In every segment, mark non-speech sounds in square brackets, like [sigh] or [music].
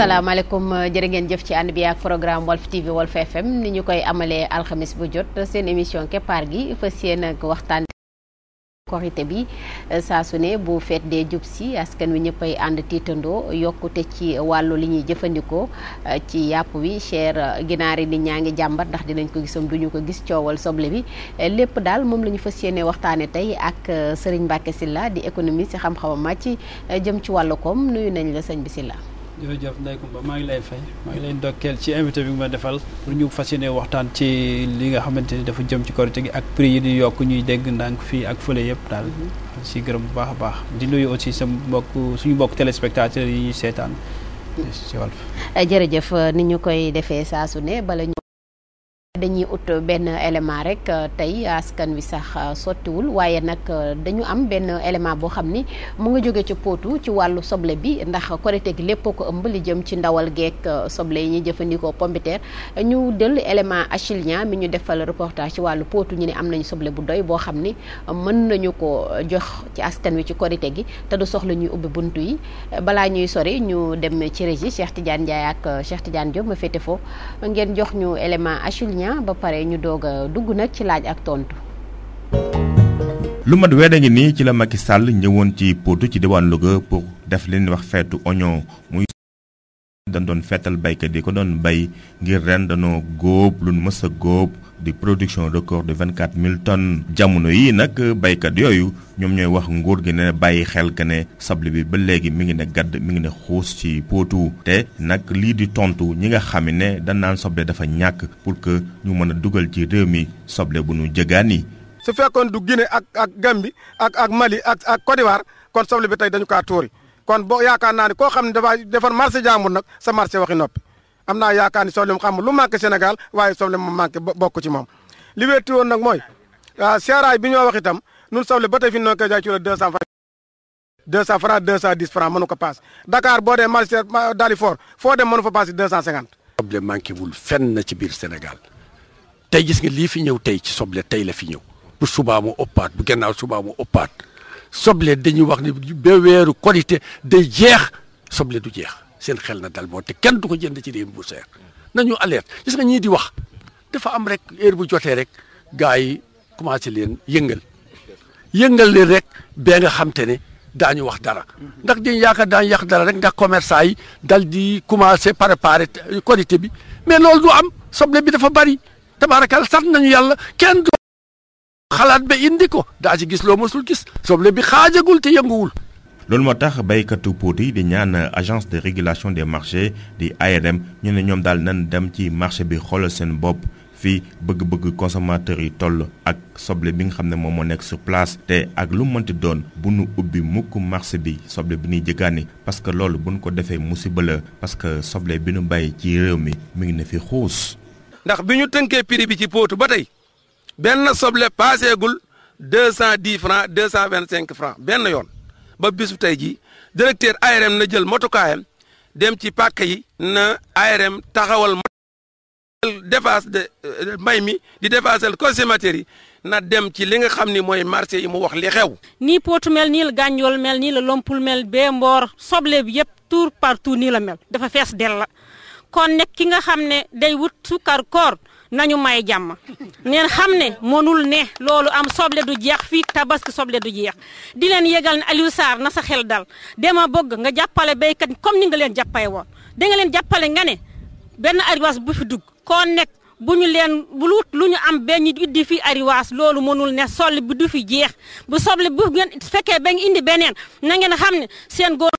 asalaamaaleykum euh, jërë ngeen jëf ci ànd bi ak programme Walf TV Walf FM ni ñu koy amalee alxamis bu jot seen émission keppaar gi fas yéene ak waxtaan korité bi euh, saa su ne bu feet dee jub si askan wi ñëppay ànd tiitandoo yokkute ci wàllu li ñuy jëfandikoo euh, ci yàpp wi cher ginaar yi nit ñaa ngi jàmbat ndax dinañ ko gisam duñu ko gis coowal soble bi lépp daal moom la ñu fas yéene waxtaane tey ak Serigne Mbacke Sylla di économiste si xam-xamam màcc jëm ci wàllu koom nuyu nañ la sëñ bi Sylla jërëjëf Ndeye Comba maa ngi lay fay maa ngi lay ndokkeel ci invité bi ma defal pour ñu fas waxtaan ci li nga xamante ni dafa jëm ci korite gi ak prix yi di yokk ñuy dégg ndànk fii ak fële yëpp daal mhm. si gërëm bu baax a baax di nuyu aussi sa mbokk suñu mbokk téléspectateurs yi seetaan mhm. ci jërëjëf ni ñu koy defee saa ne bala ñu dañuy ut benn élément rek euh, tey askan wi sax euh, sottiwul waaye nag euh, dañu am benn élément boo xam ni mu ngi jóge ci pootu ci wàllu soble bi ndax korite gi lépp ko ëmb li jëm ci ndawal geek soble yi ñuy jëfandikoo pombiteer ñu dël élément achilien mi ñu defal reportage ci wàllu potu ñu ni am nañu soble bu doy boo xam ni mën nañu ko jox ci askan wi ci korite gi te du soxla ñuy ubbi bunt yi balaa ñuy sori ñu dem ci régie Cheikh Tidiane Ndiaye ak Cheikh Tidiane Diop ma féete foofu ngeen jox ñu élément achilien Sagna ba pare ñu doog a dugg nag ci laaj ak tontu. lu mat weer ngi nii ci la Macky sàll ñëwoon ci Potou ci diwaan Louga pour def leen wax feetu oñoo muy dañ doon fetal baykat yi ko doon bay ngir ren danoo góob lu mës a góob di production record de vingt quatre mille tonnes jamono yi nag baykat yooyu ñoom ñooy wax nguur gi ne bàyyi xel que ne sable bi ba léegi mi ngi ne gàdd mi ngi ne xuus ci pootu te nag lii di tontu ñi nga xam ne dañ naan soble dafa ñàkk pour que ñu mën a dugal ci réew mi soble bu ñu jëgaani su fekkoon du Guinée ak ak gambi ak ak Mali ak ak Côte d'Ivoire kon soble bi tey dañu kaa tuuri kon boo yaakaar naa ne koo xam ne dafa defar marché jaamur nag sa marché waxi noppi. am na yaakaar ni soble mu xam lu manqué Sénégal waaye soble mu manqué bokk ci moom li wetti woon nag mooy ah, seeraay bi ñoo wax itam nun soble ba tey fi noonu koy jaay ci deux cent franc deux cent franc ko paas Dakar boo dee marché Dalifort foo dem mënu fa paas deux cent cinquante soble manqué wul fenn na ci biir Sénégal tey gis nga lii fi ñëw tey ci soble tey la fi ñëw bu subaa mu ëppaat bu gannaaw subaa mu ëppaat soble dañuy wax ne ba weeru korité da jeex soble du jeex seen xel na dal boo te kenn du ko jënd ci réew bu seer nañu alerte gis nga ñii di wax dafa am rek heure bu jotee rek gars yi commencé leen yëngal yëngal leen rek bee nga xam te daa daañu wax dara ndax dañ yaakaar daañu yàq dara rek ndax commerçant yi dal di commencé préparer qualité bi mais loolu du am soble bi dafa bari tabaarakal sant nañu yàlla kenn du xalaat ba indi ko daa ci gis loo mësul gis soble bi xaajagul te yënguwul loolu moo tax béykatu Pout yi di ñaan agence de régulation des marchés di ARM ñu ne ñoom daal nan dem ci marché bi xoolal seen bopp fii bëgg-bëgg consommateur yi toll ak soble bi nga xam ne moom moo nekk sur place te ak lu mënti doon bu nu ubbi mukk marché bi soble bi ñuy jëgaani parce que loolu bu nu ko defee musiba la parce que soble bi nu bàyyi ci réew mi mu ngi ne fi xuus. ndax bi ñu tënkee prix bi ci Pout ba tey benn soble paaseegul deux cent dix francs deux cent cinq francs benn yoon. ba bisu tey jii directeur ARM na jël motukaayam dem ci pàkk yi na ARM taxawal dépasse de euh, mi di dépassel consommateur yi na dem ci li nga xam ni mooy marché yi mu wax li xew nii pootu mel nii la gànjool mel nii la lompul mel bee mboor soble bi yëpp tout partout nii la mel dafa fees del la kon nekk ki nga xam ne day wut sukkar koor nañu may jàmm neen xam ne mënul ne loolu am soble du jeex fii tabaski soble du jeex di leen yégal ne Aliou na sa xel dal dama bëgg nga jàppale baykat comme ni nga leen jàppale woon da nga leen jàppale nga ne benn ariwaas bu fi dugg koo nekk bu ñu leen bulut lu ñu am benn iddi fi ariwaas loolu mënul ne sol bi du fi jeex bu soble bu ngeen fekkee ba indi beneen na ngeen xam ne seen góor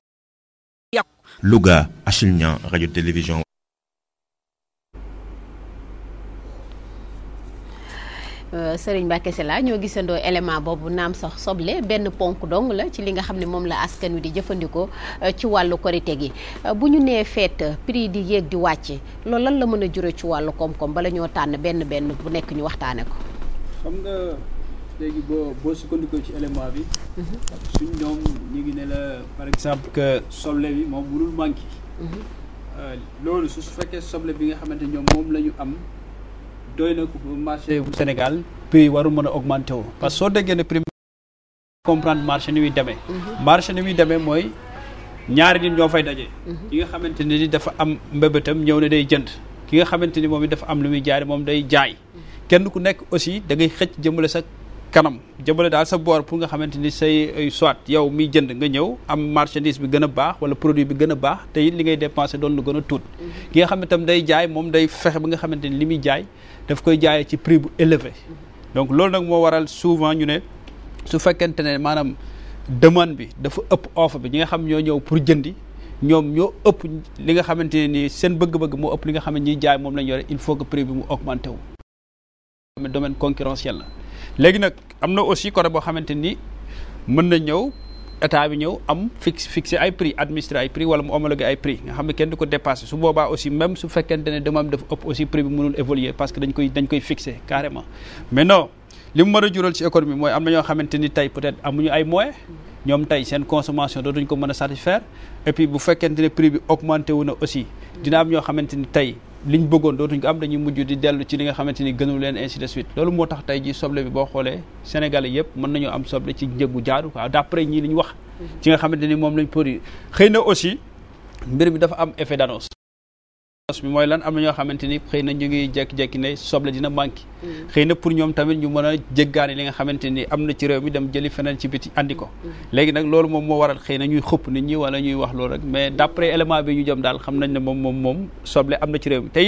yàqu Louga Achille Niang Euh, Serigne Mbacké laa ñoo gisandoo élément boobu naam sax soble benn ponk dong la ci li nga xam ne moom la askan wi di jëfandikoo euh, ci wàllu korite gi euh, bu ñu nee feet prix di yéeg di wàcc loolu lan la mën a jure ci wàllu koom-koom bala ñoo tànn benn benn bu nekk ñu waxtaane ko. xam nga léegi boo boo sukkandikoo ci élément bi. Mhm. suñ ñoom ñu ne la par exemple que soble bi moom mënul manqué. Mhm. loolu su fekkee soble bi nga xamante ñoom moom la ñu am. doy na marché bu Sénégal prix warul mën a augmenté woo parce que soo déggee ne prix comprendre marché ni muy demee mhm. marché ni demee mooy ñaari nit ñoo fay daje mhm. ki nga xamante ne ni dafa am mbébétam ñëw ne day jënd ki nga xamante ni moom it dafa am lu muy jaay moom day jaay mhm. kenn ku nekk aussi da ngay xëcc jëmale sa kanam jëmale daal sa boor pour nga xamante ni say soit yow miy jënd nga ñëw am marchandise bi gën a baax wala produit bi gën a baax te it li ngay dépensé doon lu gën a tuut ki nga xamante tam day jaay moom day fexe ba nga xamante ni li muy jaay daf koy jaayee ci prix bu élevé donc loolu nag moo waral souvent ñu ne su fekkente ne maanaam demande bi dafa ëpp offre bi ñi nga xam ñoo ñëw pour jëndi ñoom ñoo ëpp li nga xamante ne nii seen bëgg-bëgg moo ëpp li nga xam ne ñiy jaay moom lañ yore il faut que pris bi mu augmenté wu. domaine concurrentiel la léegi nag am na aussi côté boo xamante ni mën na ñëw. état bi ñëw am fixe fixé ay prix administré ay prix wala mu homologué ay prix nga xam ne kenn du ko dépassé su boobaa aussi même su fekkente ne demande dafa ëpp aussi prix bi mënul évoluer parce que dañ koy dañ koy carrément mais non li mu mën a jural ci économie mooy am na ñoo xamante ni tey peut-être amuñu ay moyens ñoom tey seen consommation dootuñ ko mën a satisfaire et puis bu fekkente ne prix bi augmenté wu na aussi dina am ñoo xamante ni tey liñ bëggoon dootuñ ko am dañuy mujj di dellu ci li nga xamante ni gënu leen ainsi de suite loolu moo tax tey ji soble bi boo xoolee Sénégalais yëpp mën nañoo am soble ci njëgu jaadu quoi d'après ñii li ñu wax mhm. ci nga xamante ni moom lañ produit xëy na aussi mbir bi dafa am effet d'annonce bi mooy lan am na ñoo xamante ni xëy na ñu ngi jekki-jekki ne soble dina manqué xëy na pour ñoom tamit ñu mën a jéggaani li nga xamante ni am na ci réew mi dem jëli feneen ci biti andi ko mm-hmm. léegi nag loolu moom moo waral xëy na ñuy xëpp nit ñi wala ñu wax loolu rek mais d'après élément bi ñu jëm daal xam nañ ne moom moom moom soble am na ci réew mi te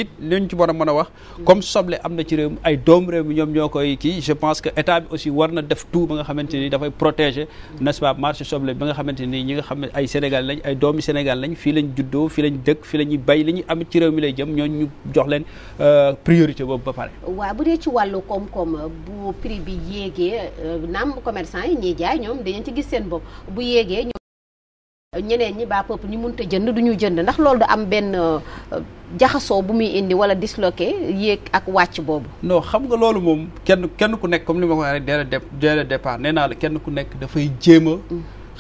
ci war mën a wax mm-hmm. comme soble am na ci réew ay doom réew mi ñoom ñoo koy kii je pense que état bi aussi war na def ba nga xamante ni dafay protéger mm-hmm. n'est-ce pas marché soble bi nga xamante ni ñi nga xam ne ay Sénégal lañ ay doomi Sénégal lañ fii lañ juddoo fii lañ dëkk fii la ñuy bay li ñuy am ci réew mi lay jëm ñoo ñu jox leen euh, priorité boobu ba pare ci wàllu koom-koom bu prix bi yéegee euh, naam commerçant yi ñiy jaay ñoom dañu ci gis seen bopp bu yéegee ñeneen ñi baa pëpp ñu mënut jënd du ñu jënd ndax loolu du am benn euh, jaxasoo bu muy indi wala disloqué yéeg ak wàcc boobu. non xam nga loolu moom kenn kenn ku nekk comme li ma ko waxee rek dès le nee naa la kenn ku nekk dafay jéem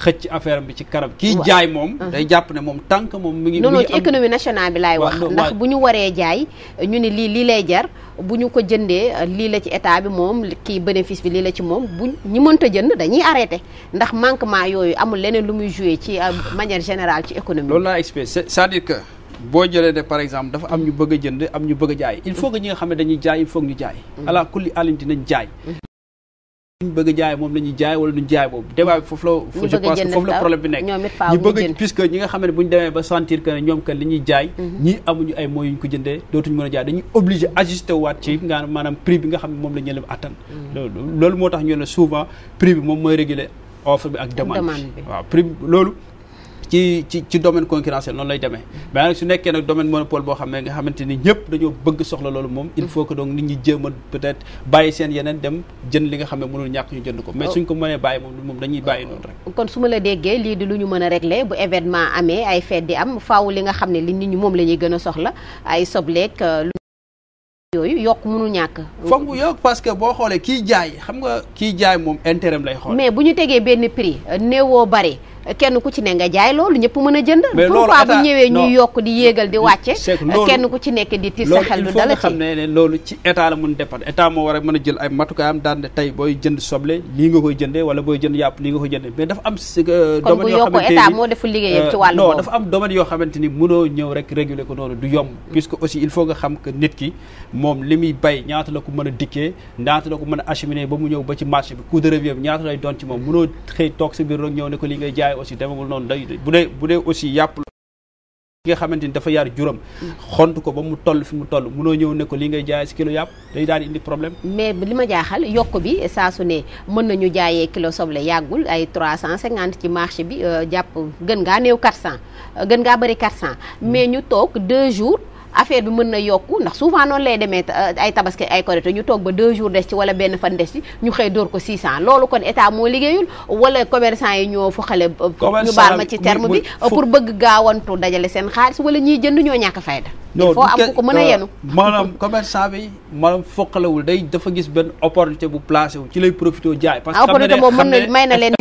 xëcc affaire bi ci karab kii jaay moom day jàpp ne moom tànk moom mu ngi non non ci économie nationale wax bu ñu waree jaay ñu ne lii lii lay jar bu ñu ko jëndee lii la ci état bi moom kii bénéfice bi lii la ci moom bu ñi mënta jënd dañuy arrêté ndax manquement yooyu amul leneen lu muy joué ci euh, manière générale ci économie loolu laa expliqué cest à que boo jëlee de par exemple dafa am ñu bëgg a jënd am ñu bëgg jaay il faut que ñi nga xam ne dañuy jaay il faut que ñu jaay mmh. ala kulli alin dinañ ñu bëgg jaay moom la jaay wala duñ jaay boobu débat bi foofu la problème bi nekk ñu bëgg puisque ñi nga xam ne bu demee ba sentir que ne ñoom kat li jaay mhm. ñii amuñu ay moyens ñu ko jëndee dootuñu mën a jaay dañuy obligé ajusté waat ci maanaam prix bi nga xam ne moom la ñu leen mhm. loolu moo tax ñu ne souvent prix bi moom mooy réguler offre bi ak demande bi waaw prix loolu ci ci ci domaine concurrentiel noonu lay demee mais nag su nekkee nag domaine monopole boo xam ne nga xamante ni ñëpp dañoo bëgg soxla loolu moom il faut que donc nit ñi jéem a peut-être bàyyi seen yeneen dem jënd li nga xam ne mënul ñàkk ñu jënd ko mais suñ ko mënee bàyyi moom moom dañuy bàyyi oh. noonu rek kon su ma la déggee lii di lu ñu mën a régler bu événement amee ay fête di am faaw li nga xam ne li nit ñi moom la ñuy gën a soxla ay sobleek euh, yooyu yokk mënul ñàkk foog mu parce que boo xoolee kiy jaay xam nga kiy jaay moom intérêt lay xool mais bu ñu tegee benn prix euh, néewoo bari kenn ku ci ne nga jaay loolu ñëpp mën a jënd pourquoi bu ñëwee ñuy yokk di yéegal di nekk di tiis sa xel lu a mën a jël ay matukaayam daan ne tey booy jënd soble nga koy jëndee wala booy jënd yàpp lii nga koy jëndee mais dafa am si kon euh, bu yokkoo état euh, yoo xamante ni mënoo ñëw rek réguler ko noonu du nit ki moom li muy bay ñaata la ko mën a dikkee ñaata la ko mën a acheminer ba mu ba ci marché bi coût de ne ko li ngay jaay yi aussi demagul noonu day bu dee bu dee aussi yàpp ki nga xamante ni dafa yar juróom xont ko ba mu toll fi mu toll munoo ñëw ne ko li ngay jaayee si kilo yàpp day daan indi problème mais bi li ma jaaxal yokk bi saa su ne mën na ñu jaayee kilo soble yàggul ay 350 ci marché bi euh, jàpp gën ngaa néew 400 gën ngaa bëri 400 mais ñu toog 2 jours affaire bi mën na yokk ndax souvent noonu lay demee ay tabaski ay korite ñu toog ba deux jours des ci wala benn fan des ci ñu xëy dóor ko 600 loolu kon état moo liggéeyul wala commerçant yi ñoo fu xale ñu baal ma ci terme bi pour bëgg gaawantu dajale seen xaalis wala ñiy jënd ñoo ñàkk fayda il faut am ku ko mën a yenu maanaam commerçant bi maanaam foqalawul day dafa gis benn opportunité bu placé wu ci lay profité jaay parce que ah, opportunité boobu mën na may na leen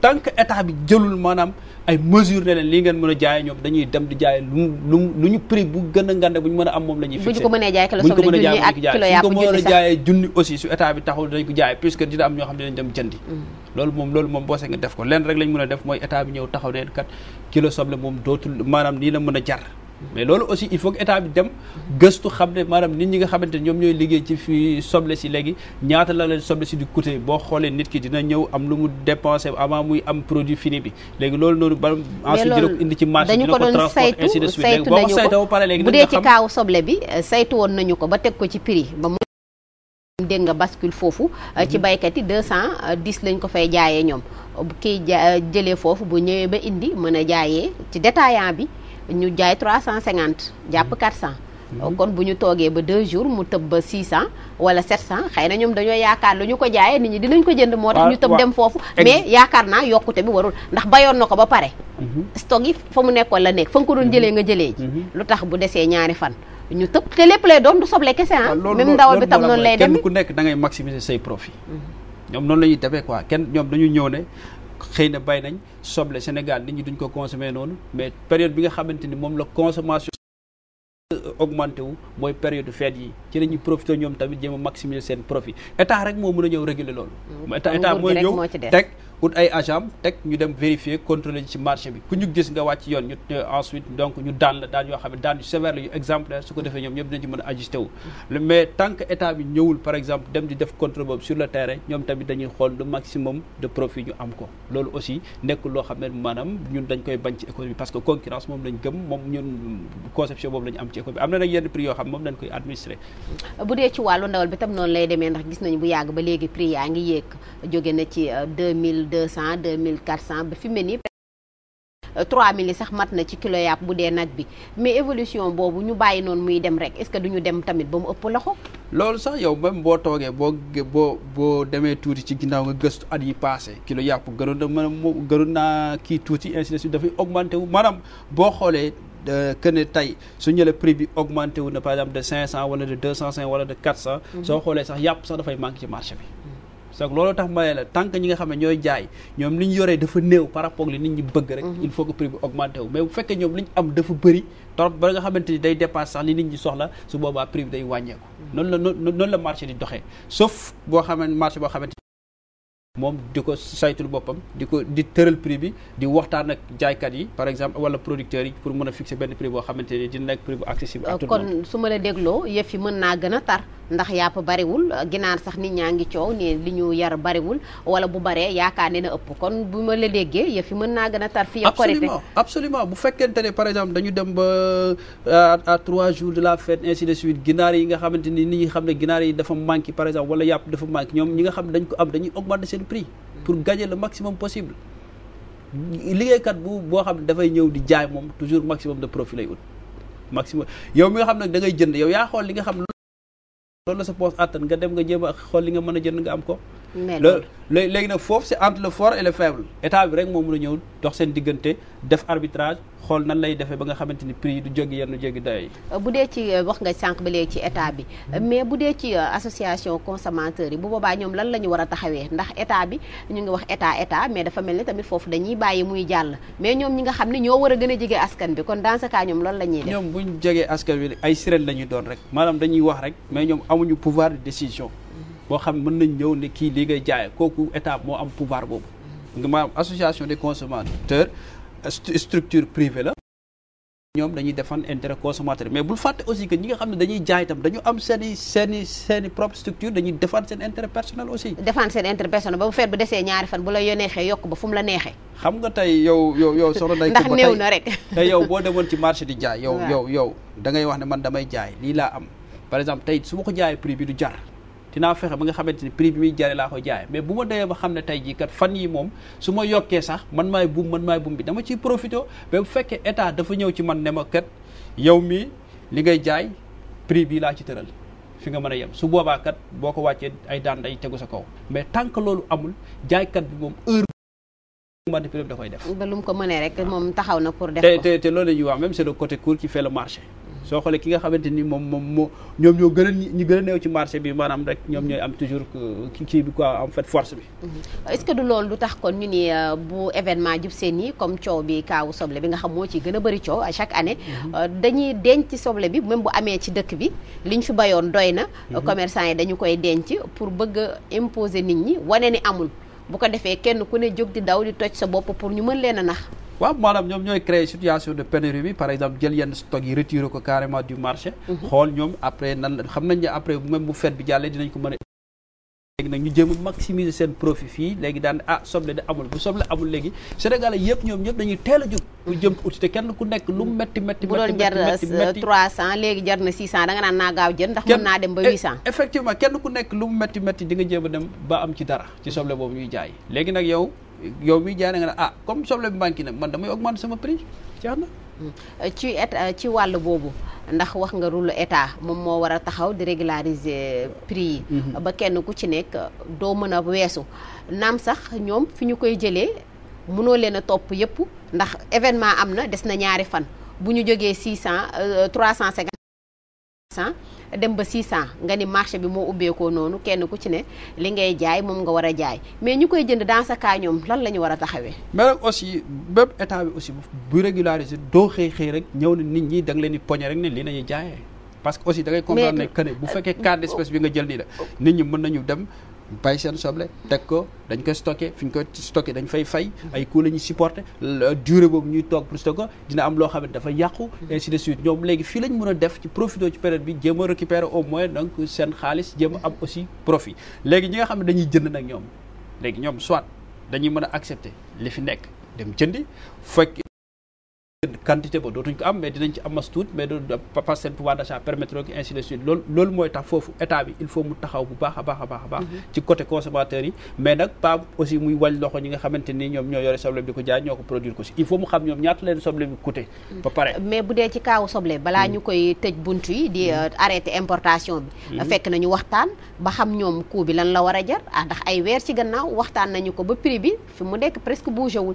tant que état bi jëlul maanaam ay mesures ne leen lii ngeen mën a jaayee ñoom dañuy dem di jaay lu lu ñu prix bu gën a ngande bu ñu mën a am moom la ñuy fixé bu ñu ko mënee jaayee kilo soble junni ak kilo yàpp junni a jaayee junni aussi su état bi taxul dañ ko jaayee puisque dina am ñoo xam ne dañ dem jëndi mm. loolu moom loolu moom boose nga def ko leen rek lañ mën a def mooy état bi ñëw taxaw ne kat kilo soble moom dootul maanaam nii la mën a jar mais loolu aussi il faut que état bi dem gëstu xam ne maanaam nit ñi nga xamante ne ñoom ñooy liggéey ci fii soble si léegi ñaata la leen soble si di coûter boo xoolee nit ki dina ñëw am lu mu dépensé avant muy am produit fini bi léegi loolu noonu ba ensuite dina ko indi ci marché dañu ko transport ainsi de suite léegi boo ko saytoo ba pare léegi bu dee ci kaawu soble bi euh, saytu woon nañu ko ba teg ko ci prix ba mu dégg nga bascule foofu euh, ci mhm. baykat yi deux cent dix lañ ko fay jaayee ñoom kii jëlee foofu bu ñëwee ba indi mën a jaayee ci détaillant bi ñu jaay trois cent cinquante jàpp mm. quatre cent mm. euh, kon bu ñu toogee ba deux jours mu tëb ba six cent wala sept cent xëy na ñoom dañoo yaakaar lu ñu ko jaayee nit ñi dinañ ko jënd moo tax ñu tëb dem foofu mais yaakaar naa yokkute bi warul ndax bayoon na ko ba pare mm-hmm. stock yi fa mu nekkoon la nekk fa nga ko doon jëlee nga mm-hmm. jëlee ji mm-hmm. lu tax bu desee ñaari fan ñu tëb te lépp lay doon du soble kese ah même ndawal bi tam noonu lay dem kenn ku nekk dangay ngay maximiser say profit ñoom noonu la ñuy defee quoi kenn ñoom dañu ñëw ne xëy na bay nañ soble Sénégal nit ñi duñ ko consommer noonu mais période bi nga xamante ni moom la consommation augmenté wu mooy période feet yi ci la ñuy profité ñoom tamit jéem a maximiser seen profit état rek moo mun a ñëw réguler loolu mm. état état mooy ñëw teg ut ay agent teg ñu dem vérifier contrôler ci marché bi ku ñu gis nga wàcc yoon ñu ensuite donc ñu daan la daan xam ne daan yu sévère la exemplaire su ko defee ñoom ñëpp a ajusté wu mm-hmm. mais tant que état bi ñëwul par exemple dem di def contrôle boobu sur le terrain ñoom tamit dañuy xool le maximum de profit ñu am ko loolu aussi nekk loo xam ne maanaam ñun dañ koy bañ ci économie parce que concurrence moom lañ gëm moom ñun conception boobu lañu am ci économie am na nag yenn prix yoo xam moom dañ koy administrer mm-hmm. deux cent deux mille quatre cent ba fi mu ne nii 3000 euh, yi sax mat na ci kilo yàpp bu dee nag bi mais évolution boobu ñu bàyyi noonu muy dem rek est-ce que duñu dem tamit ba mu ëpp loxo. loolu sax yow même boo toogee boo boo boo demee tuuti ci ginnaaw nga gëstu at yi passé kilo yàpp gënoon na mën a naa kii tuuti ainsi de suite dafay augmenté wu maanaam boo xoolee. Euh, que ne tey su ñu la prix bi augmenté na par exemple de 500 wala de de 400. Mhm. soo xoolee sax yàpp bi. donc loolu tax ma ne la tant que ñi nga xam ne ñooy jaay ñoom li ñu yoree dafa néew par rapport ak li nit ñi bëgg rek mhm. il faut que prix bi augmenté wu mais bu fekkee ñoom li ñu am dafa bëri trop ba nga xamante ni day dépasse sax li nit ñi soxla su boobaa prix bi day wàññeeku mhm. noonu la noonu la marché di doxee sauf boo xamante marché boo xamante moom di ko saytul boppam di ko di tëral prix bi di waxtaan ak jaaykat yi par exemple wala producteurs yi pour mën a fixer benn prix boo xamante ni dina nekk prix bu euh, ma la dégloo yëf naa gën a tar. ndax yàpp bariwul ginaar sax nit ñaa ngi coow ne li ñu yar bariwul wala bu baree yaakaar ne ëpp kon bu ma la déggee yëf fi mën naa gën a tar fi ya korité absolument bu fekkente ne par exemple dañu dem ba à trois jours de la fête ainsi de suite ginaar yi nga xamante ni nit ñi xam ne ginaar yi dafa manqué par exemple wala yàpp dafa manqué ñoom ñi nga xam ne dañ ko am dañuy augmenter seen prix pour gagner le maximum possible liggéeykat bu boo xam ne dafay ñëw di jaay moom toujours maximum de profit lay ut maximum yow mi nga xam ne da ngay jënd yow yaa xool li nga xam loolu la sa poos àttan nga dem nga jéem a xool li nga mën a jënd nga am ko le léegi nag foofu c'est entre le fort et le faible état bi rek moo mën a ñëw dox seen diggante def arbitrage xool nan lay defee ba nga xamante ni prix yi du jéggi yenn jéggi day euh, bu dee ci euh, wax nga sànq ba léegi ci état bi euh, mais bu dee ci association consommateurs yi bu boobaa ñoom lan la ñu war a taxawee ndax état bi ñu ngi wax état état mais dafa mel ni tamit foofu dañuy bàyyi muy jàll mais ñoom ñi nga xam ne ñoo war a gën a jege askan bi kon dans ce cas ñoom loolu la ñuy def ñoom buñ askan bi ay sirène la ñuy doon rek maanaam dañuy wax rek mais ñoom amuñu pouvoir de boo xam ne mën nañ ñëw ne kii lii ngay jaay kooku état moo am pouvoir boobu maanaam association des consommateurs structure privée la ñoom dañuy defan intérêt consommateur mais bul fàtte aussi que ñi nga xam ne dañuy jaay itam dañu am seen i seen i seen i structure dañuy defan seen intérêt personnel aussi defan seen intérêt personnel ba bu feet bu desee ñaari fan bu la yo neexee yokk ba fu mu la neexee xam nga tey yow yow yow soxna day ndax néew na rek [laughs] tey yow boo demoon ci marché di jaay yow yow yow da ngay wax ne man damay jaay lii am par exemple tey su ma ko jaayee prix bi du dinaa fexe ba nga xamante ne prix bi muy jare laa koy jaay mais bu ma dee ba xam ne tey jii kat fan yi moom su ma yokkee sax man maay buum man maay buum bi dama ciy profité mais bu fekkee état dafa ñëw ci man ne ma kat yow mii li ngay jaay prix bii laa ci tëral fi nga mën a yem su boobaa kat boo ko wàccee ay daan day tegu sa kaw mais tant que loolu amul jaaykat bi moom heure. manipulé da koy def. ba lu mu ko mënee rek moom taxaw na pour. def ko te te te loolu la ñuy côté court qui fait soo xoolee ki nga xamante ni moom moom moo ñoom ñoo gën a ñi gën a néew ci marché bi maanaam rek ñoom ñooy am toujours ki kii bi quoi en fait force bi. Mm-hmm. ce que du lu tax kon ñu ni euh, bu événement jub seen yi comme coow bi kaawu soble bi nga xam moo ci gën a bëri coow à chaque année. Mm-hmm. Euh, dañuy denc ci soble bi même bu amee ci dëkk bi li ñu fi bayoon doy na. Mm-hmm. commerçant yi dañu koy denc pour bëgg a imposer nit ñi wane ni amul bu ko defee kenn ku ne jóg di daw di toj sa bopp pour ñu mën leen a nax. waaw maanaam ñoom ñooy créer situation de pénurie bi par exemple jël yenn stock yi retirer ko carrément du marché. Mhm. xool ñoom après nan la xam nañ ne après même bu fête bi dina dinañ ko mën a. léegi nag ñu jéem a maximiser seen profit fii léegi daan ah soble de amul bu soble amul léegi Sénégalais yëpp ñoom ñëpp dañuy teel a jóg. ñu jëm uti te kenn ku nekk lu metti metti bu doon jar 300 euh, léegi jar na 600 da nga naan naa gaaw jënd ndax mën naa dem ba 800. E, effectivement kenn ku nekk lu mu metti metti nga jéem a dem ba am ci dara ci soble boobu ñuy jaay léegi nag yow yow mi jaay na nga ne ah comme soble bi manqué na man damay augmenter sama prix jeex euh, ci état euh, ci wàll boobu ndax wax nga rôle état moom moo war a taxaw di régulariser prix yi. Mm-hmm. ba kenn ku ci nekk doo mën a weesu naam sax ñoom fi ñu koy jëlee mënoo leen a topp yëpp ndax événement am na des na ñaari fan bu ñu jógee six cent euh, trois cent cinquante 500 dem ba 600 nga ni marché bi moo ubbeekoo noonu kenn ku ci ne li ngay jaay moom nga war a jaay mais ñu koy jënd dans sa cas ñoom lan la ñu war a taxawee. mais nag aussi même état bi aussi bu régulariser doo xëy xëy rek ñëw nit ñi da leen di poñe rek ne lii nañuy jaayee. parce que aussi da ngay comprendre ne bu fekkee euh, carte d'espèce bi nga jël nii la nit ñi mën nañu dem. bàyyi seen soble teg ko dañ koy stocké fi ñu koy stocké dañ fay fay ay coût la ñuy supporté durée boobu ñuy toog pour ko dina am loo xam ne dafa yàqu ainsi de suite ñoom léegi fii lañ mën a def ci profité ci période bi jéem a récupérer au moins donc seen xaalis jéem am aussi profit léegi ñi nga xam ne dañuy jënd nag ñoom léegi ñoom soit dañuy mën a accepter li fi nekk dem jëndi quantité ba dootuñ ko am mais dinañ ci am as tuut mais do parce que seen pouvoir d'achat permettre que loolu mooy tax foofu état bi il faut mu taxaw bu baax a baax a baax a baax mhm. ci côté consommateur yi mais nag pas aussi muy wàñ loxo ñi nga xamante nii ñoom ñoo yore soble bi ko jaay ñoo ko produire ko si il faut mu xam ñoom ñaata leen soble bi coûté ba pare euh, mais bu dee ci kaawu soble balaa mm. ñu koy tëj bunt yi di mm. euh, arrêté importation bi mm. fekk nañu waxtaan ba xam ñoom coût bi lan la war a jar ah ndax weer ci gannaaw waxtaan nañu ko ba prix bi mu nekk presque bougé wul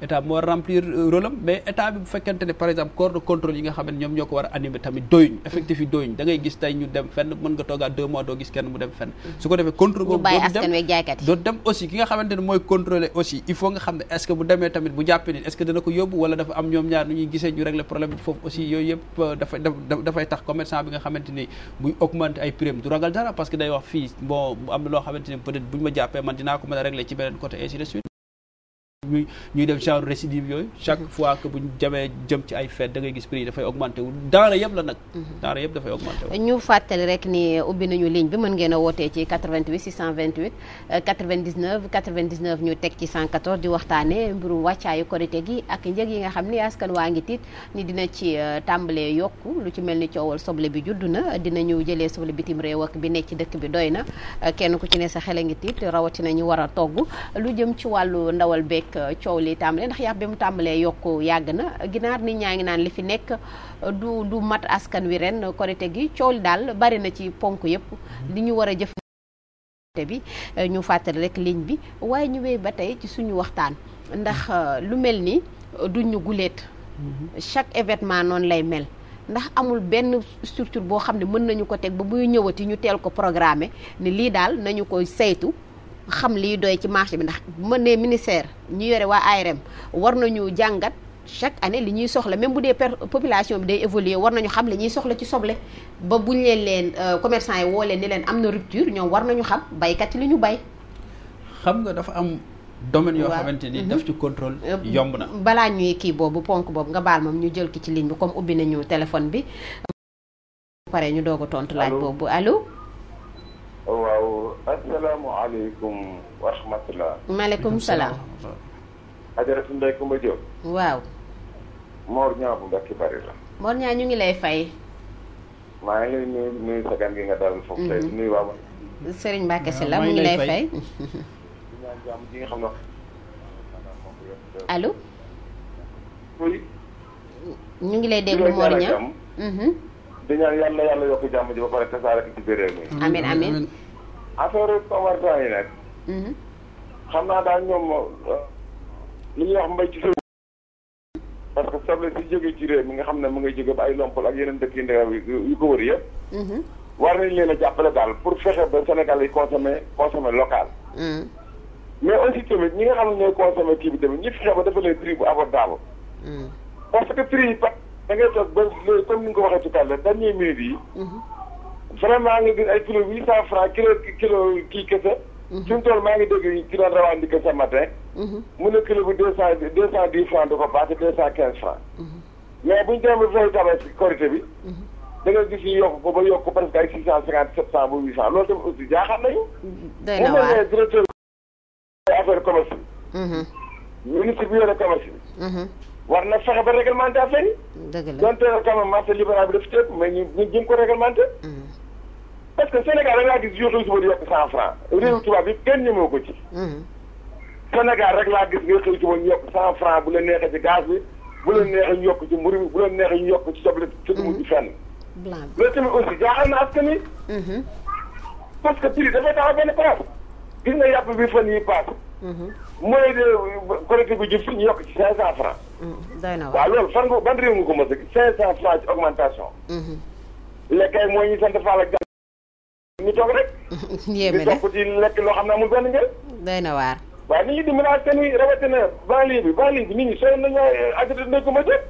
état bi moo remplir euh, rôle am mais état bi bu fekkente ne par exemple corps de contrôle yi nga xam ne ñoom ñoo ko war a animer tamit doyuñ effectif yi doyuñ da ngay gis tey ñu dem fenn mën nga toogaat doo gis kenn mu dem fenn su ko defee contrôle boobu dafa am ñoom ñaar nu gisee ñu régler problème foofu aussi yooyu yëpp euh, dafay tax commerçant bi nga xamante ni buy augmenter ay prime du ragal dara parce que day wax fii bon am na loo xamante ni peut-être buñ ma jàppee man a régler ci beneen côté ñuy ñuy def genre récidive yooyu chaque fois que bu ñu jamee jëm ci ay fête da ngay gis prix yi dafay augmenté wu denrée yëpp la nag mhm. denrée yëpp dafay augmenté ñu fàttali rek ni ubbi nañu ligne bi mën ngeen a wootee ci 88 628 99 99 ñu teg ci 114 di waxtaane mbirum wàccaayu korite gi ak njëg yi nga xam ni askan waa ngi tiit ni dina ci euh, tàmbalee yokku lu ci mel ni coowal soble bi judd na dinañu jëlee soble bitim réew ak bi nekk ci dëkk bi doy na euh, kenn ku ci ne sa xel a ngi tiit rawatina ñu war a togg lu jëm ci wàllu ndawal beek Eh, coow li tàmbalee ndax yàpp bi mu tàmbalee yokk yàgg na ginaar nit ñaa ngi naan li fi nekk eh, du du mat askan wi ren korite gi coow li daal bari na ci ponk yëpp mhm. li ñu war a jëf bi eh, ñu fàttali rekk ligne bi waaye ñu wéy ba tey ci suñu waxtaan ndax mhm. lu mel ni duñ ñu guleet mhm. chaque événement noonu lay mel ndax amul benn structure boo xam ne mën nañu ko teg ba buy ñëwati ñu teel ko programmer ni lii daal nañu koy saytu xam lii doy ci marché bi ndax mën ma nee ministère ñi yore waa ARM war nañu jàngat chaque année li ñuy soxla même bu dee population bi day évoluer war nañu xam li ñuy soxla ci soble ba buñ leen leen euh, commerçant yi woo leen ni leen am na rupture ñoom war nañu xam baykat yi li ñu bay. xam nga dafa am. domaine yoo xamante ni mhm. def ci contrôle euh, yomb na. balaa ñuy kii boobu ponk boobu nga baal moom ñu jël ki ci ligne bi comme ubbi nañu téléphone bi. pare ñu doog a tontu laaj boobu allo. waaw asalaamualeykum wa rahmatulah. maaleykum salaam. Ajaratu Ndeye Kumba Diop. waaw. Mor Niang bu Mbacke Bari la. Mor Niang ñu ngi lay fay. maa ngi lay nuyu nuyu sa gan gi nga daal foofu tey mhm. nuyu waa si la mu ngi lay fay. ñaan jàmm ne. allo. ngi lay déglu Mor Niang. di ñaan yàlla yàlla yokk jàmm ji ba pare tasaare ko ci biir réew mi. amiin amiin affaire commerçant yi nag. Mhm. xam naa daal ñoom euh, li ñuy wax mbay ci sa. parce que soble si jógee ci réew mi nga xam ne mu ngay jóge ba ay lompal ak yeneen dëkk yu yu ko wër yëpp. Mhm. war nañ leen a jàppale daal pour fexe ba Sénégal yi consommer consommer local. Mhm. mais aussi tamit ñi nga xam ne ñooy consommer kii mi tamit ñi fexe ba dafa leen prix bu abordable. parce que prix yi da toog ba comme ni nga ko waxee tout à l'heure dernier minute yi. Mhm. vraiment nga kilo kilo kilo kii kese. Mhm. fi mu toll maa ngi dégg ki doon rawaan di ko ce matin. Mhm. mu ne kilo bu deux cent deux cent dix franc du ko passé deux cent quinze franc. mais bu ñu demee ba fay tabaski korité bi. da nga gis ñu yokk ko ba yokk ko presque ay six cent cinquante sept cent ba huit cent loolu tamit aussi jaaxal nañu. day na waay mu affaire commerce bi. ministre bi yore commerce bi. war na fexe ba réglementé affaire yi. dëgg la donte quand bi daf tëb mais ñu ñu ko réglementé. Mm. parce que Sénégal da ngaa gis yóotu suba di yokk cent franc. Mm. réew yi ko ci. Mm. Sénégal rek laa gis nga xëy bu la neexee ci gaz bi bu la neexee yokk ci mburu bi bu la neexee ñu yokk ci soble bi. te du mujj fenn. loolu tamit aussi jaaxal na askan wi. Mm-hmm. parce que prix dafay taxaw benn place. gis nga yàpp bi fan yii paas. Mm-hmm. mooy de collectif bu jub ñu yokk ci 500 francs. Mm-hmm. doy na waaw loolu fan nga ban réew nga ko mos a gis 500 francs ci augmentation. Mm-hmm. lekkay mooy ñu sant Fall ak Jalle ñu toog rek. [laughs] yéeme na ñu topp ci lekk loo xam ne amul benn njëriñ. doy na waar. waaye nit ñi di mën a askan wi rawatina banlieue ma jëpp.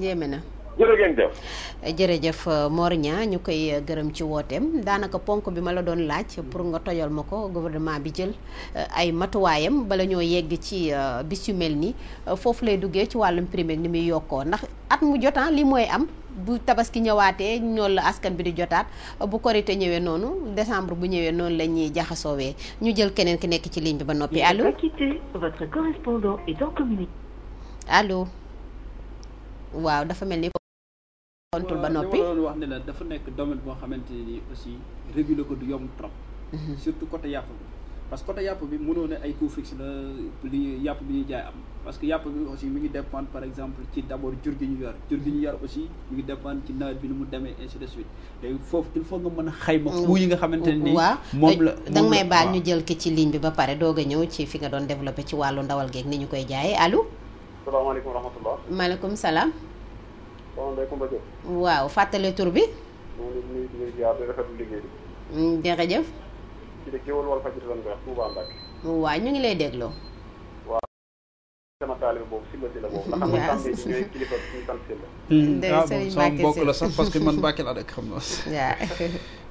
yéeme na. jërëjëf euh, Mor Niang ñu koy euh, gërëm ci wooteem daanaka ponk bi ma la doon laaj pour nga tojal ma ko gouvernement bi jël euh, ay matuwaayam bala ñoo yegg ci bis yu mel ni foofu lay duggee ci wàllum prime ni muy yokkoo ndax at mu jotaan lii mooy am bu tabaski ñëwaatee ñool la askan bi di jotaat bu korite ñëwee noonu décembre bu ñëwee noonu la ñuy jaxasoowee ñu jël keneen ki nekk ci ligne bi ba noppi allo waaw dafa mel ni tontul ba noppi li ma doon wax ne dafa nekk domaine boo xamante ni aussi réguler ko du yomb trop. Mhm. surtout côté yàpp parce que côté yàpp bi mënoo ne ay coût fixe la li yàpp am parce que yàpp bi aussi mi ngi dépendre par exemple ci d' jur gi ñu yor jur gi ñu yor nawet bi ni mu demee ainsi foofu il faut nga a xayma coût yi nga xamante ne nii moom la da may baal ñu jël ki ci ligne bi ba pare doog ñëw ci fi nga doon développé ci wàllu ndawal geeg ni ñu koy jaayee allo salaamaaleykum wa rahmatullah maaleykum salaam soxna Ndeye Koumba Diop. waaw fàttale tur bi. maa ngi nuyu di nuyu ziar di rafetlu liggéey bi. Mm, jërëjëf. ci de géwal wal fajit lan koy wax Touba Mbacke. waaw ñu ngi lay dégloo. waaw sama taalibe boobu Sylla Sylla boobu. waaw ndax xam nga ñooy kilifa suñu sant Sylla. ndey Serigne ah, Mbacke sama mbokk la sax parce que man Mbacke laa dëkk xam nga.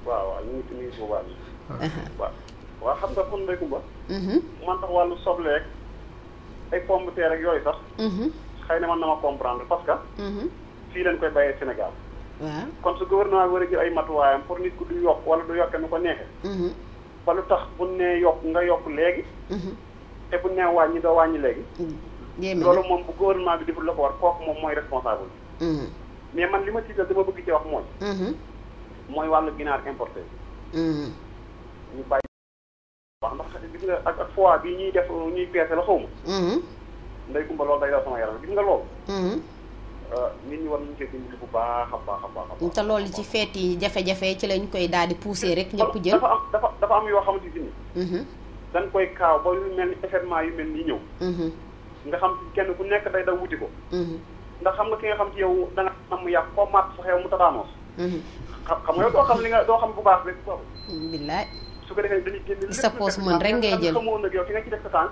waaw waaw ñu ngi ci nuyu Touba bi. Uh-huh. xam nga soxna mm-hmm. man tax wàllu soble rek ay pomme de ak yooyu sax. Mm-hmm. xëy na mën na ma comprendre parce fii leen koy bayee Sénégal. waaw kon su gouvernement bi war a jël ay matuwaayam pour nit ku du yokk wala du yokke nu ko neexee. Mhm. ba lu tax bu nee yokk nga yokk léegi. Mhm. te bu nee wàññi doo wàññi léegi. Mhm. loolu moom bu gouvernement bi deful la ko war kooku moom mooy responsable bi. mais man li ma ci dal dama bëgg ci wax mooy. mooy wàllu ginaar importé. ñu bàyyi wax ndax gis nga ak ak foie bi ñuy def ñuy peese la xaw ma. yaram gis nga loolu. Euh, nit ñi war nañu cee dimbali bu baax a baax a baax. yi ci lañ koy daal di pousser rek. ñëpp jël am dafa dafa am yoo xamante ni. Mhm. dañ koy kaaw ba yu mel ni événement yu mel ni ñëw. Mhm. nga xam kenn ku nekk day daw wuti ko. Mhm. ndax xam nga ki nga xam ci yow da nga am mu yàq koo maat sa xew mu tabaanoos. xam xam nga yow doo xam li nga doo xam bu billaay. su sa poos mën rek ngay jël lépp nag yow ki nga ci def sa tànk.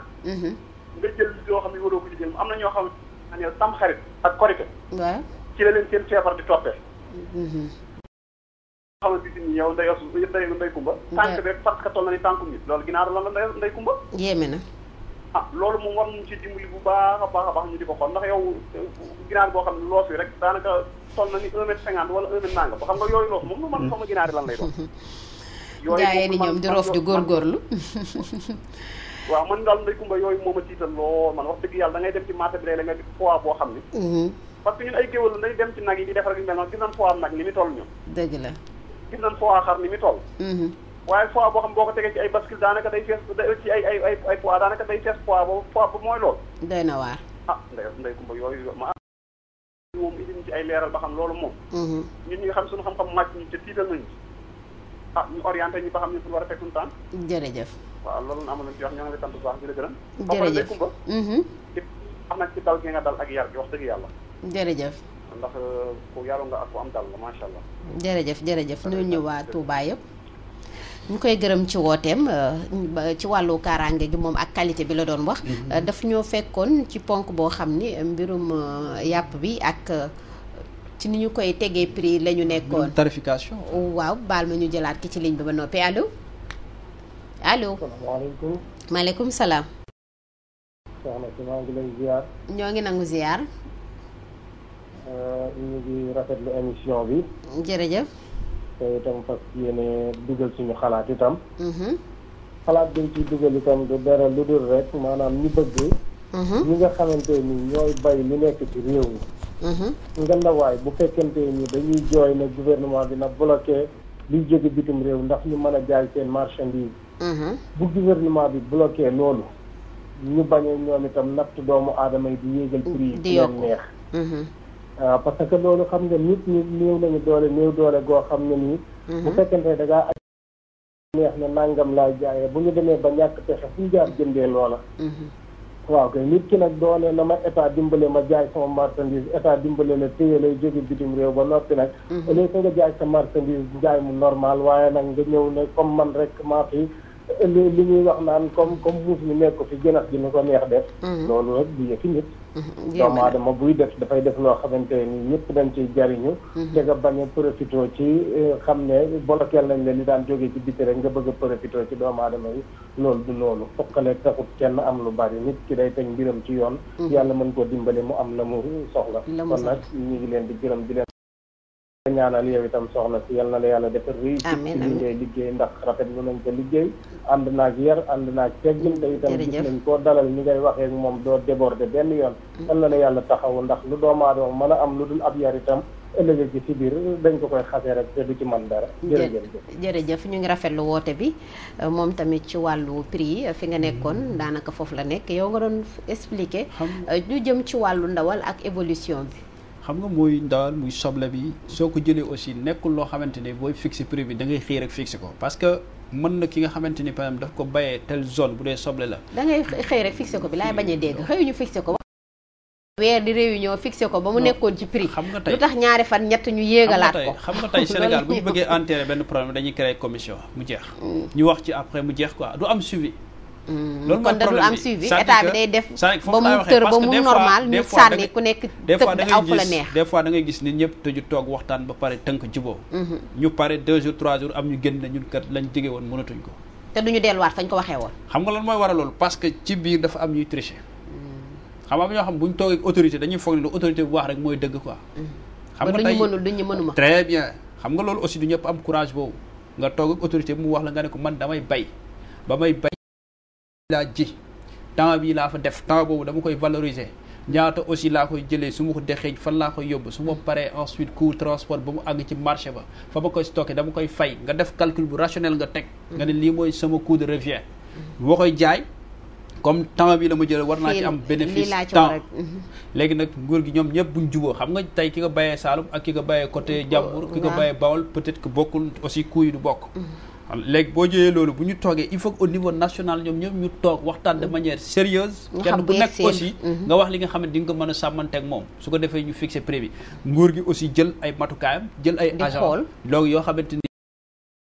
nga jël yoo ne waroo ko am na ñoo xam xam ne xarit ak korite. waaw ci la leen seen feebar di toppee. xam nga si yow nday os nday nday kumba. tànk beeg parce que toll na ni tànku nit loolu ginnaaw la la nday kumba. yéeme na. ah loolu moom war nañu ci dimbali bu baax a baax a baax ñu di ko xool ndax yow euh, ginaar boo xam ne loos bi rek daanaka toll na ni un mètre cinquante wala un mètre xam nga yooyu loos moom lu man xaw ma ginaar yi lan lay doon. [laughs] yooyu moom man man man man waaw man daal ndey kumba yooyu moo ma tiital lool man wax dëgg yàlla da ngay dem ci marché bi léeg da ngay gis poids boo xam ni mm-hmm. parce que ñun ay géwël dañuy dem ci nag yi di defar ak mel noonu gis nañ poids nag ni mi toll ñun dëgg la gis mm-hmm. boo xam boo ko tegee ci ay bascule daanaka day fees ci ay ay ay ay poids daanaka day fees poids boobu poids mooy loolu day na waar ah ndey ndey kumba yooyu ma moom indi ci ay leeral ba xam loolu moom mm-hmm. ñun ñi xam suñu xam-xam màcc ñu ca tiital nañu ah ñu orienté ñu ba xam ne fu ñu war a jërëjëf. jërëjëf ba pare de wax ñu koy gërëm ci wooteem euh, ci wàllu kaaraange gi moom ak qualité bi la doon wax. Mm-hmm. Euh, daf ñoo fekkoon ci ponk boo xam ni mbirum euh, yàpp bi ak. ci ni ñu koy tegee prix la ñu nekkoon. tarification. waaw baal ma ñu jëlaat ki ci ligne bi ba noppi allo allo. salaamaaleykum. maaleykum salaam. soxna maa ngi lay ziar. ñoo ngi nangu ziar. Euh, ñu ngi rafetlu émission bi. jërëjëf. te itam fas yéene dugal suñu xalaat itam. Mm-hmm. xalaat bi ci dugal itam du dara lu dul rek maanaam ñu bëgg. Mm-hmm. ñi nga xamante ni ñooy bay li nekk ci réew mi. Mm-hmm. ngandawaay bu fekkente nii dañuy jooy na guvernement bi na bloqué liy jóge bitim réew ndax ñu mën a jaay seen marchandise mm-hmm. bu gouvernement bi bloqué loolu ñu bañee ñoom itam natt doomu aadama yi di yéegal prix yi di neex waaw mm-hmm. ah, parce que loolu xam nga nit ñi néew nañu doole néew doole goo xam na nii bu fekkente dagaa ngaa aj neex na nàngam laay jaayee bu ñu demee ba ñàkk pexe fu ñu jaar jëndee loola waaw kay nit ki nag doone na ma état dimbale ma jaay sama marchandise état dimbale la téye lay jóge bitim réew ba noppi nag. Mhm. au lieu que nga jaay sa marchandise jaay mu normal waaye nag nga ñëw ne comme man rek ma fi li li ñuy wax naan comme comme muus mi nekk fi jënax ji nu ko neex def. Mhm. loolu rek du yëfi nit. doomu aadama buy def dafay def loo xamante ni ñëpp dañ ciy jariñu mhm. te nga bañ a profité ci eh, xam ne bloqué nañ la li daan jógee ci biti rek nga bëgg a ci doomu aadama yi loolu du loolu fokkale taxut kenn am lu bari nit ki day teg mbiram ci yoon mhm. yàlla mën koo dimbale mu am na mu soxla kon nag ñu ngi leen di gërëm di leen ñaanal yow itam soxna si yal na la yàlla defal réussite ci li ngay liggéey ndax rafet lu nañ ko liggéey ànd naag yar ànd naag teggin te doo débordé yoon mm. yal na la yàlla taxawu ndax lu doomu aadama mën a am lu dul ab yar itam ëllëg ci si biir dañ ko koy xasee rek te du ci mën dara jërëjëf jërëjëf ñu ngi rafetlu woote bi euh, moom tamit ci wàllu prix yi fi nga nekkoon daanaka foofu la nekk yow nga doon expliqué euh, ñu jëm ci wàllu ndawal ak évolution bi xam nga muy ndawal muy soble bi soo ko jëlee aussi nekkul loo xamante ni booy fixé prix bi da ngay xëy rek fixé ko parce que mën na ki nga xamante ni par exemple ko bayee telle zone bu dee soble la. da ngay xëy rek fixé ko bi laay bañ a dégg ñu fixé ko. weer di yi réunion fixé ko ba mu nekkoon ci prix. xam nga tey lu tax ñaari fan ñett ñu yéegalaat ko. xam nga tey [laughs] Sénégal [laughs] bu ñu bëggee enterrer benn problème dañuy créer commission mu jeex. Mm. ñu wax ci après mu jeex quoi du am suivi. loolu kon da dul am suivi état bi day def ba mu tër ba mu normal ñu sànni ku nekk tëb aw gis nit ñëpp tëju toog waxtaan ba pare tënk juboo mhm. ñu pare deux jours trois jours am ñu génn ñun kat lañ jege woon mënatuñ ko te duñu delluwaat fañ ko waxee woon xam nga lan mooy waral loolu parce ci biir dafa am ñuy tricher xam nga loolu aussi du ñëpp am courage boobu nga toog ak autorité mu wax la nga ne ko man damay bay ba may bay laa ji temps bi laa fa def temps boobu dama koy valoriser ñaata aussi laa koy jëlee su ma ko dexeeñ fan laa koy yóbb su ma paree ensuite coût transport ba mu àgg ci marché ba fa ma koy stocké dama koy fay nga def calcul bu rationnel nga teg nga ne lii mooy sama coût de revient boo koy jaay comme temps bi la ma jëlee war naa ci am bénéfice temps mhm. léegi nag nguur gi ñoom ñëpp buñ juboo xam nga tey ki nga bayee Saalum ak ki ko bayee côté jàmbur ki nga bayee Bawol peut-être que bokkul aussi coût du bokk mhm. léegi boo jëlee loolu bu ñu toogee il faut que au niveau national ñoom ñëpp ñu toog waxtaan de mm. manière sérieuse kenn bu nekk aussi mm-hmm. nga wax li nga xam ne di nga ko mën a sàmmanteeg moom su ko defee ñu fixé prix bi nguur gi aussi jël ay matukaayam jël ay agent loolu yoo xamante ni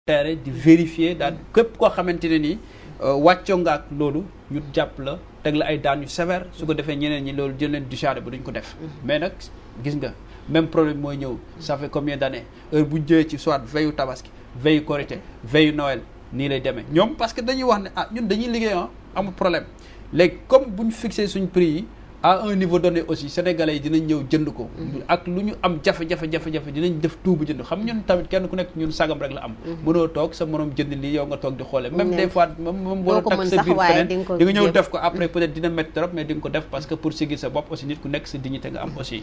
terrain di vérifier daal képp koo xamante ne nii euh, wàccoo nga ak loolu ñu jàpp la teg la ay daan yu sévère su ko defee ñeneen ñi loolu jëleen leen du charé bu duñ ko def mm-hmm. mais nag gis nga même problème mooy ñëw ça fait combien d'années bu jëlee ci soit veyu tabaski veille Korité veille Noël nii lay demee ñoom parce dañuy wax ne ah ñun dañuy liggéey ah amul problème léegi comme bu ñu fixé suñ prix yi à un niveau donné aussi sénégalais yi dinañ ñëw jënd ko. Mm-hmm. ak lu ñu am jafe-jafe jafe-jafe dinañ def tuubu mm-hmm. di xoole même des fois moom moom waroo takk sa biir ñëw def ko après mm-hmm. peut-être dina métti trop mais di ko def parce pour sigil sa bopp aussi nit ku nekk sa dignité nga am aussi.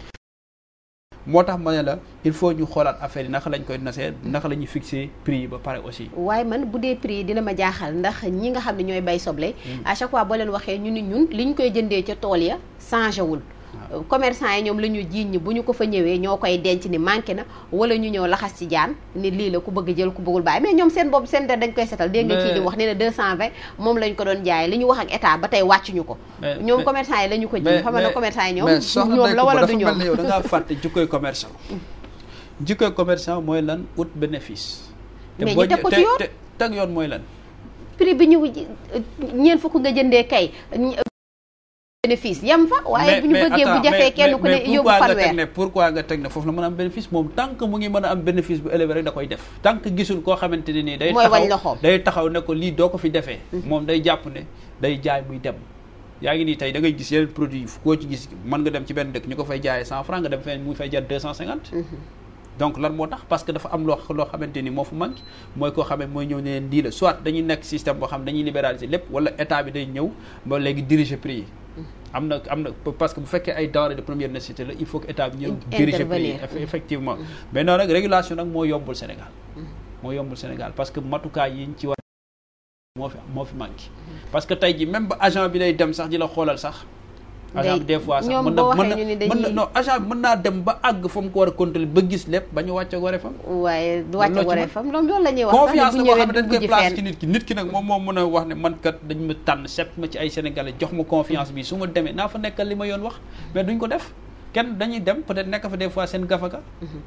moo tax ma ne la il faut ñu xoolaat affaire yi naka lañ koy nasee naka la ñuy fixer prix yi ba pare aussi. waaye man bu dee prix yi dina ma jaaxal ndax ñi nga xam ne ñooy bay soble. Mm. à chaque fois boo leen waxee ñu ni ñun li ñu koy jëndee ca tool ya changé wul. commerçant yi ñoom la ñu jiiñ ñi bu ñu ko fa ñëwee ñoo koy denc ni manqué na wala ñu ñëw laxas ci jaan ni lii la ku bëgg jël ku bëggul bàyyi mais ñoom seen boobu seen dañ koy setal dégg nga ci di wax nee na 220 moom lañ ko doon jaay li ñu wax ak état ba tey wàccuñu ko ñoom commerçant yi la ko jiiñ xam na commerçant yi ñoom ñoom la wala du ñoom yow fàtte jikkoy commerçant mm. jikkoy commerçant mooy lan ut bénéfice mais ñu teg ko ci yoon bénéfice fa. waaye bu ñu bëggee bu jafee kenn ku ne yóbbu fanweer mais pourquoi nga teg ne foofu la mën a am bénéfice moom tant mu ngi mën a am bénéfice bu élevé rek da koy def. tant que gisul koo xamante ne nii. day taxaw day taxaw ne ko lii doo ko fi defee. Mm-hmm. moom day jàpp ne day jaay muy dem. yaa ngi nii tey da gis yeneen produit yi koo ci gis mën nga dem ci benn dëkk ñu ko fay jaayee cent franc nga dem feneen mu fay jar deux cent cinquante mm-hmm. donc lan moo tax parce que dafa am loo loo xamante ni moo fu manqué mooy koo xam ne mooy ñëw ne leen dii la nekk système boo xam dañuy libéraliser lépp wala état bi day ñëw ba léegi yi am na am na parce que bu fekkee ay denrées de première nécessité la il faut que état bi ñëw diriger pays effectivement mm-hmm. mais non régulation nag moo yombul Sénégal mm-hmm. moo yombul Sénégal parce que matukaay yi ñu ci war moo fi moo fi manqué mm-hmm. parce que tey ji même ba agent bi lay dem sax di la xoolal sax agent bi des fois sax mën naa dem ba àgg fa mu ko war a contrôler ba gis lépp ba ñu wàcce wareefam waaye du wàcce wareefam loolu la ñuy wax ki moo mën a wax ne man kat dañ ma tànn seet ma ci ay sénégalais jox ma confiance bi su ma ko def kenn dañuy dem nekk fa des fois seen gafaka mhm.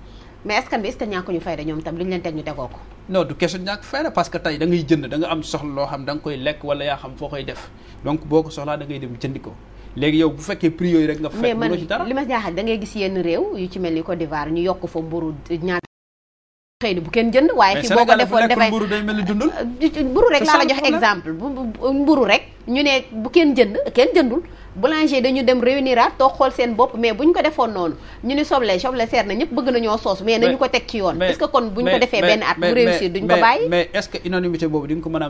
mais askan bi est-ce que ñu fayda ñoom tam li ñu leen teg ñu tegoo ko non du question ñàkk fayda parce que tey da ngay jënd da am soxla loo xam da koy lekk wala yaa xam foo koy def donc boo ko soxlaa dangay ngay dem jëndi ko léegi yow bu fekkee prix yooyu rek nga fekk mënoo ci li ma jaaxal dangay gis yenn réew yu ci mel ni Côte d'Ivoire ñu yokk fa mburu ñaata xëy na bu kenn jënd waaye fi boo ko defoon dafay mburu day mel ni dundul euh, mburu rek laa la jox exemple mburu rek ñu ne bu kenn jënd kenn jëndul boulanger dañu dem réuniraat toog xool seen bopp mais bu buñ ko defoon noonu ñu ni soble soble seer na ñëpp bëgg nañoo soos mais nañu ko teg ci yoon est-ce que kon buñ ko defee benn at bu réussir duñ ko bàyyi mais est unanimité boobu di nga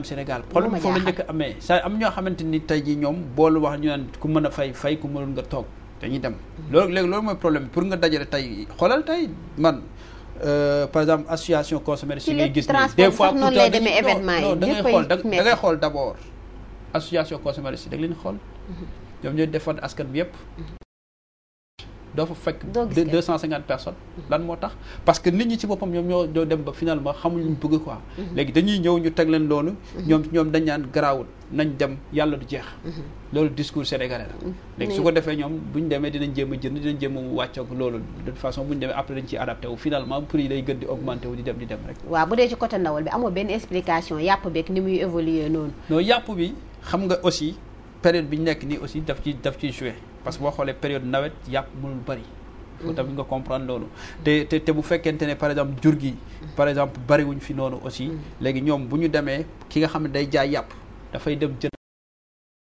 ni tey ji ñoom boolu wax ñu naan ku mën a fay fay ku mënul nga toog dañuy dem pour nga dajale tey xoolal man Euh, par exemple association consommateurs si ngay gis nii des fois noonu lay demee événement yi da ngay xool da ngay xool d'abord association consommateurs si da xool mm-hmm. ñoom ñooy defoon askan bi yëpp. Mm-hmm. doo fa fekk deux cent cinquante personnes mm-hmm. lan moo tax parce que nit ñi ci boppam ñoom ñoo ñoo dem ba finalement xamuñ lu ñu bëgg quoi mm-hmm. léegi dañuy ñëw ñu teg leen loolu ñoom ñoom dañ naan garaawul nañ dem yàlla du jeex loolu discours sénégalais la léegi su ko defee ñoom bu ñu demee dinañ jéem a jënd dinañ jéem a wàccoog loolu de façon bu ñu demee après dañ ciy adapté wu finalement prix day gën di augmenté di dem di dem rek waaw bu dee ci yàpp xam nga aussi période bi ñu nekk nii aussi daf ci daf ciy joué parce que boo xoolee période nawet yàpp mënul bëri. il faut mm. tamit nga comprendre loolu. te te te bu fekkente ne par exemple jur gi. par exemple bariwuñ fi noonu aussi. Mm. léegi ñoom bu ñu demee ki nga xam ne day jaay yàpp dafay dem jënd.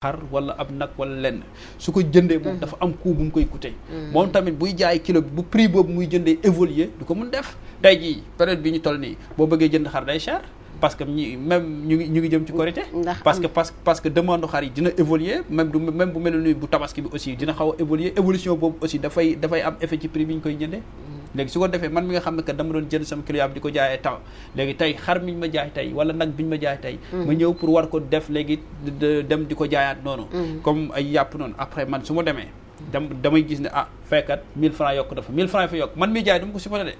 xar wala ab nag wala lenn su ko jëndee moom mm. dafa am coût bu mu koy coûter moom tamit buy jaay kilo bu prix boobu muy jëndee évoluer du ko mun def tey jii période bi ñu toll nii boo bëggee jënd xar day cher parce que ñi même ñu ngi ñu ngi jëm ci korité parce que parce parce que demande xar yi dina évoluer même du bu mel ni bu tabaski bi aussi dina xaw a évoluer évolution boobu aussi dafay dafay am effet ci prix bi ñu koy jëndee mm. léegi su ko defee man mi nga xam ne que dama doon jënd sama client bi di ko jaayee taw léegi tey xar mi ñu ma jaay tey wala nag bi ñu ma jaay tey mm. ma ñëw pour war ko def léegi dem di ko jaayaat noonu mm. comme ay yàpp noonu après man su ma demee dam damay gis ne ah fekkat 1000 francs yokk ko supporté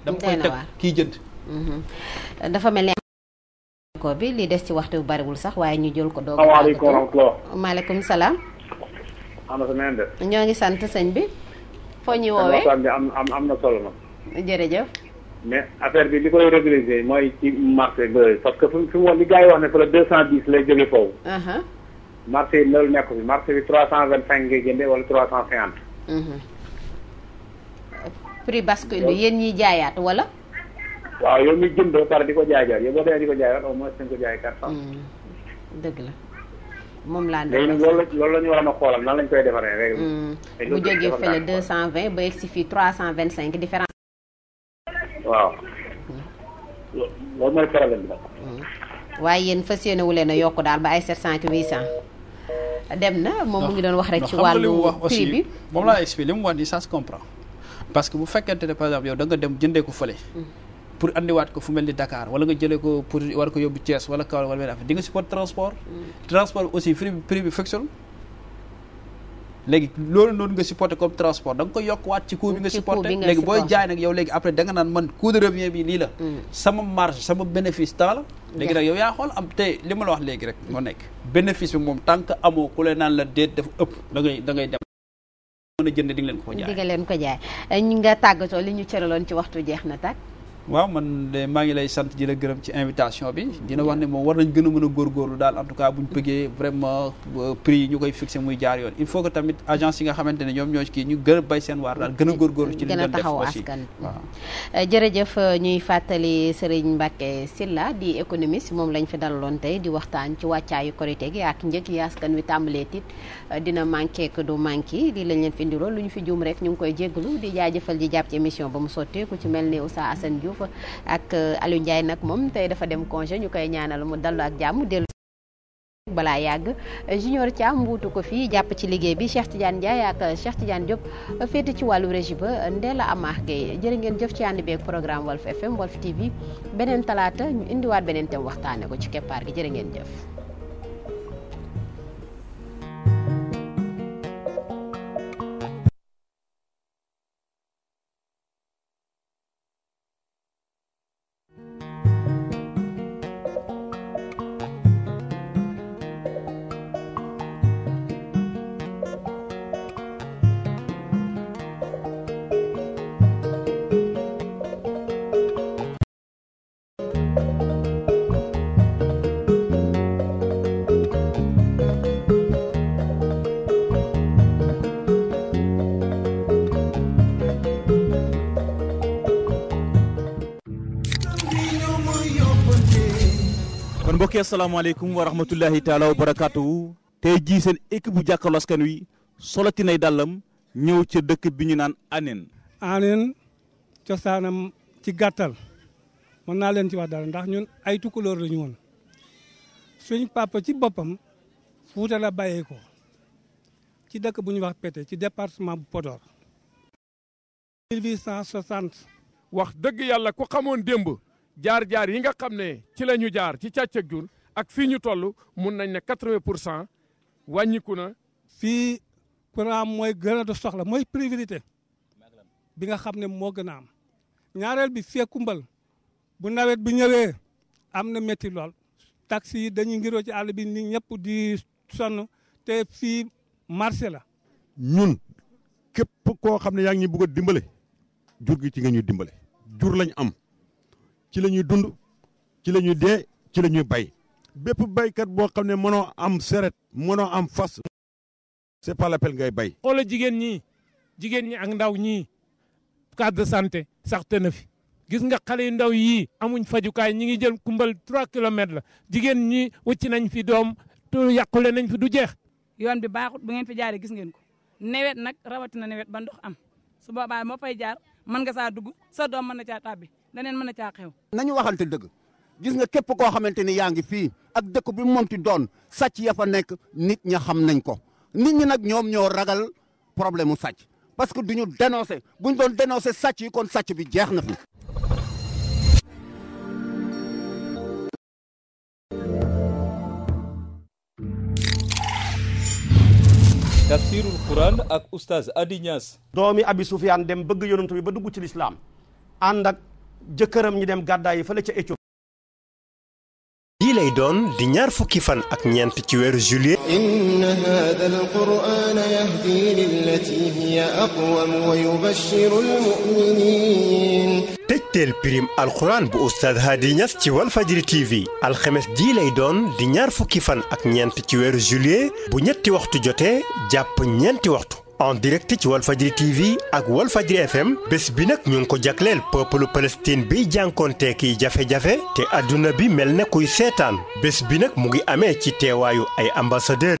de ko bi li des ci waxtu bu bariwul sax waaye ñu jël ko doog a maaleykum salaam ñoo ngi sant sëñ bi foo ñu woowee am am na solo na jërëjëf mais affaire bi li koy régulariser mooy ci marché ba parce que fu mu li gars yi wax ne fa la deux cent dix lay jóge foofu marché yi loolu nekk bi marché bi trois cent vingt cinq ngay jëndee wala trois cent cinquante mhm. prix jaayaat wala waaw yow mi jënd pare di ko jaay yow boo demee di ko jaay au jaay quatre cent. Hmm. dëgg la moom laa. léegi loolu loolu la ñu a xoolal nan lañ koy defaree rek. bu hmm. jógee fële deux cent vingt ba egsi fii trois cent vingt cinq différence. waaw. Hmm. loolu mooy problème bi nag. waaye yéen fas yéene leen a yokk daal ba ay sept cent ak huit cent. dem na moom mu ngi doon wax rek. ci wàllu prix bi moom laa expliqué li mu wax nii ça se comprend. parce que bu fekkente ne par exemple yow da dem jëndee ko fële. pour andiwaat ko fu mel ni Dakar wala nga jëlee ko pour war ko yóbbu Thiès wala Kaolack wala benn affaire di nga support transport. Mm. transport aussi prix bi prix bi fixé léegi loolu noonu nga supporté comme transport da nga koy yokkuwaat ci coût bi nga supporté léegi booy jaay nag yow léegi après da naan man coût de revient bi lii la mm. sama marge sama bénéfice temps léegi nag yow yaa xool am te li ma la wax léegi rek moo nekk bénéfice bi moom tant que amoo ku leen naan la déet dafa ëpp da ngay da ngay dem mën a jënd di leen ko jaay leen ko jaay ñu li ñu cëraloon ci waxtu jeex na tàkk waaw man maa ngi lay sant di la gërëm ci invitation bi dina wax ne moom war nañ gën a mën a góorgóorlu daal en tout cas bu ñu bëggee vraiment euh, prix yi ñu koy fixé muy jaar yoon il faut que tamit agence yi nga xamante ne ñoom ñoo kii ñu gën a bay seen waar daal gën a góorgóorlu ci li ñu def aussi askan waaw euh, jërëjëf euh, ñuy fàttali Serigne Mbacké Sylla di économiste moom lañ fi dalaloon tey di waxtaan ci wàccaayu korité gi ak njëg yi askan wi tàmbalee tit Euh, dina manqué que du manqué lii lañ leen fi indiloon lu ñu fi juum rek ñu ngi koy jéggalu di jaajëfal ji jàpp ci émission ba mu sottee ku ci mel ni Oustaz Assane Diouf ak euh, Aliou Ndiaye nag moom tey dafa dem congé ñu koy ñaanal mu dallu ak jàmm dellu balaa yàgg Junior Thiam mbuutu ko fii jàpp ci liggéey bi Cheikh Tidiane Ndiaye ak euh, Cheikh Tidiane Diop féete ci wàllu régie ba Ndella Amar Gueye jërë ngeen jëf ci ànd beeg programme Walf FM Walf TV beneen talaata ñu indiwaat beneen thème waxtaane ko ci keppaar gi jërë ngeen jëf mbokk yi asalaamaaleykum wa rahmatullahi taala wa barakaatuhu jii seen équipe bu jàkkaarloo askan wi solati nay dàllam ñëw ca dëkk bi ñu naan Anen. Anen cosaanam ci gàttal mën naa leen ci wax dara ndax ñun ay tukkulóor la ñu woon suñ ci boppam Fuuta la bàyyee ci dëkk bu ñuy wax Pété ci département bu Podor. 1860. wax dëgg yàlla ku xamoon démb. jaar-jaar yi nga xam ne ci la ñu jaar ci càcc ak jur ak fii ñu toll mun nañ ne quatre-vingt pour cent wàññiku na. fii courant mooy gën a def soxla mooy priorité bi nga xam ne moo gën a am ñaareel bi fekkumbal bu nawet bi ñëwee am na métti lool taxi yi dañuy ngiroo ci àll bi nit ñëpp di sonn te fii marché la. ñun képp koo xam ne yaa ngi ñu dimbale jur gi ci nga ñu dimbale jur lañu am. ci la ñuy dund ci la ñuy dee ci la ñuy bay bépp baykat boo xam ne mënoo am seret mënoo am fas c'est pas l'appel ngay bay xoola jigéen ñi jigéen ñi ak ndaw ñi case sante saxte na fi gis nga xale yu ndaw yii amuñ fajukaay ñi ngi jël kumbal 3 kilomètres la jigéen ñi wucc nañ fi doom tu yàqule nañ fi du jeex yoon bi baaxut bu ngeen fi jaaree gis ngeen ko newet nag rawatina nawet ba ndox am su boobaa moo fay jaar mën nga saa dugg sa doom mën na caa tàbbi leneen mën a caa xew. nañu waxante dëgg gis nga képp koo xamante ni yaa ngi fii ak dëkk bi moom ti doon sàcc ya nekk nit ña xam nañ ko nit ñi nag ñoom ñoo ragal problème mu sàcc parce que duñu dénoncé buñ doon dénoncé sàcc yi kon sàcc bi jeex na fi. tafsirul quran ak oustaz Adi Niass doomi abi Soufiane dem bëgg yonent bi ba dugg ci lislaam ànd jëkkëram ñi dem gàddaay yi fële ca lay doon di ñaar fukki fan ak ñeent ci weeru juillet. inna haadha al-qur'aan yahdi lillatii hiya aqwam wa yubashshiru al-mu'miniin. tëjteel alxuraan bu Oustaz Hady ci Walfadjri TV alxemes jii doon di ñaar fukki fan ak ñeent ci weeru juillet bu ñetti waxtu jote jàpp ñeenti waxtu. on direct ci Walfadjri TV ak Walfadjri FM bés bi nag ñu ngi ko jagleel peuple Palestine bi jànkoonte kiy jafe-jafe te àdduna bi mel na kuy seetaan bés bi nag mu ngi amee ci teewaayu ay ambassadeur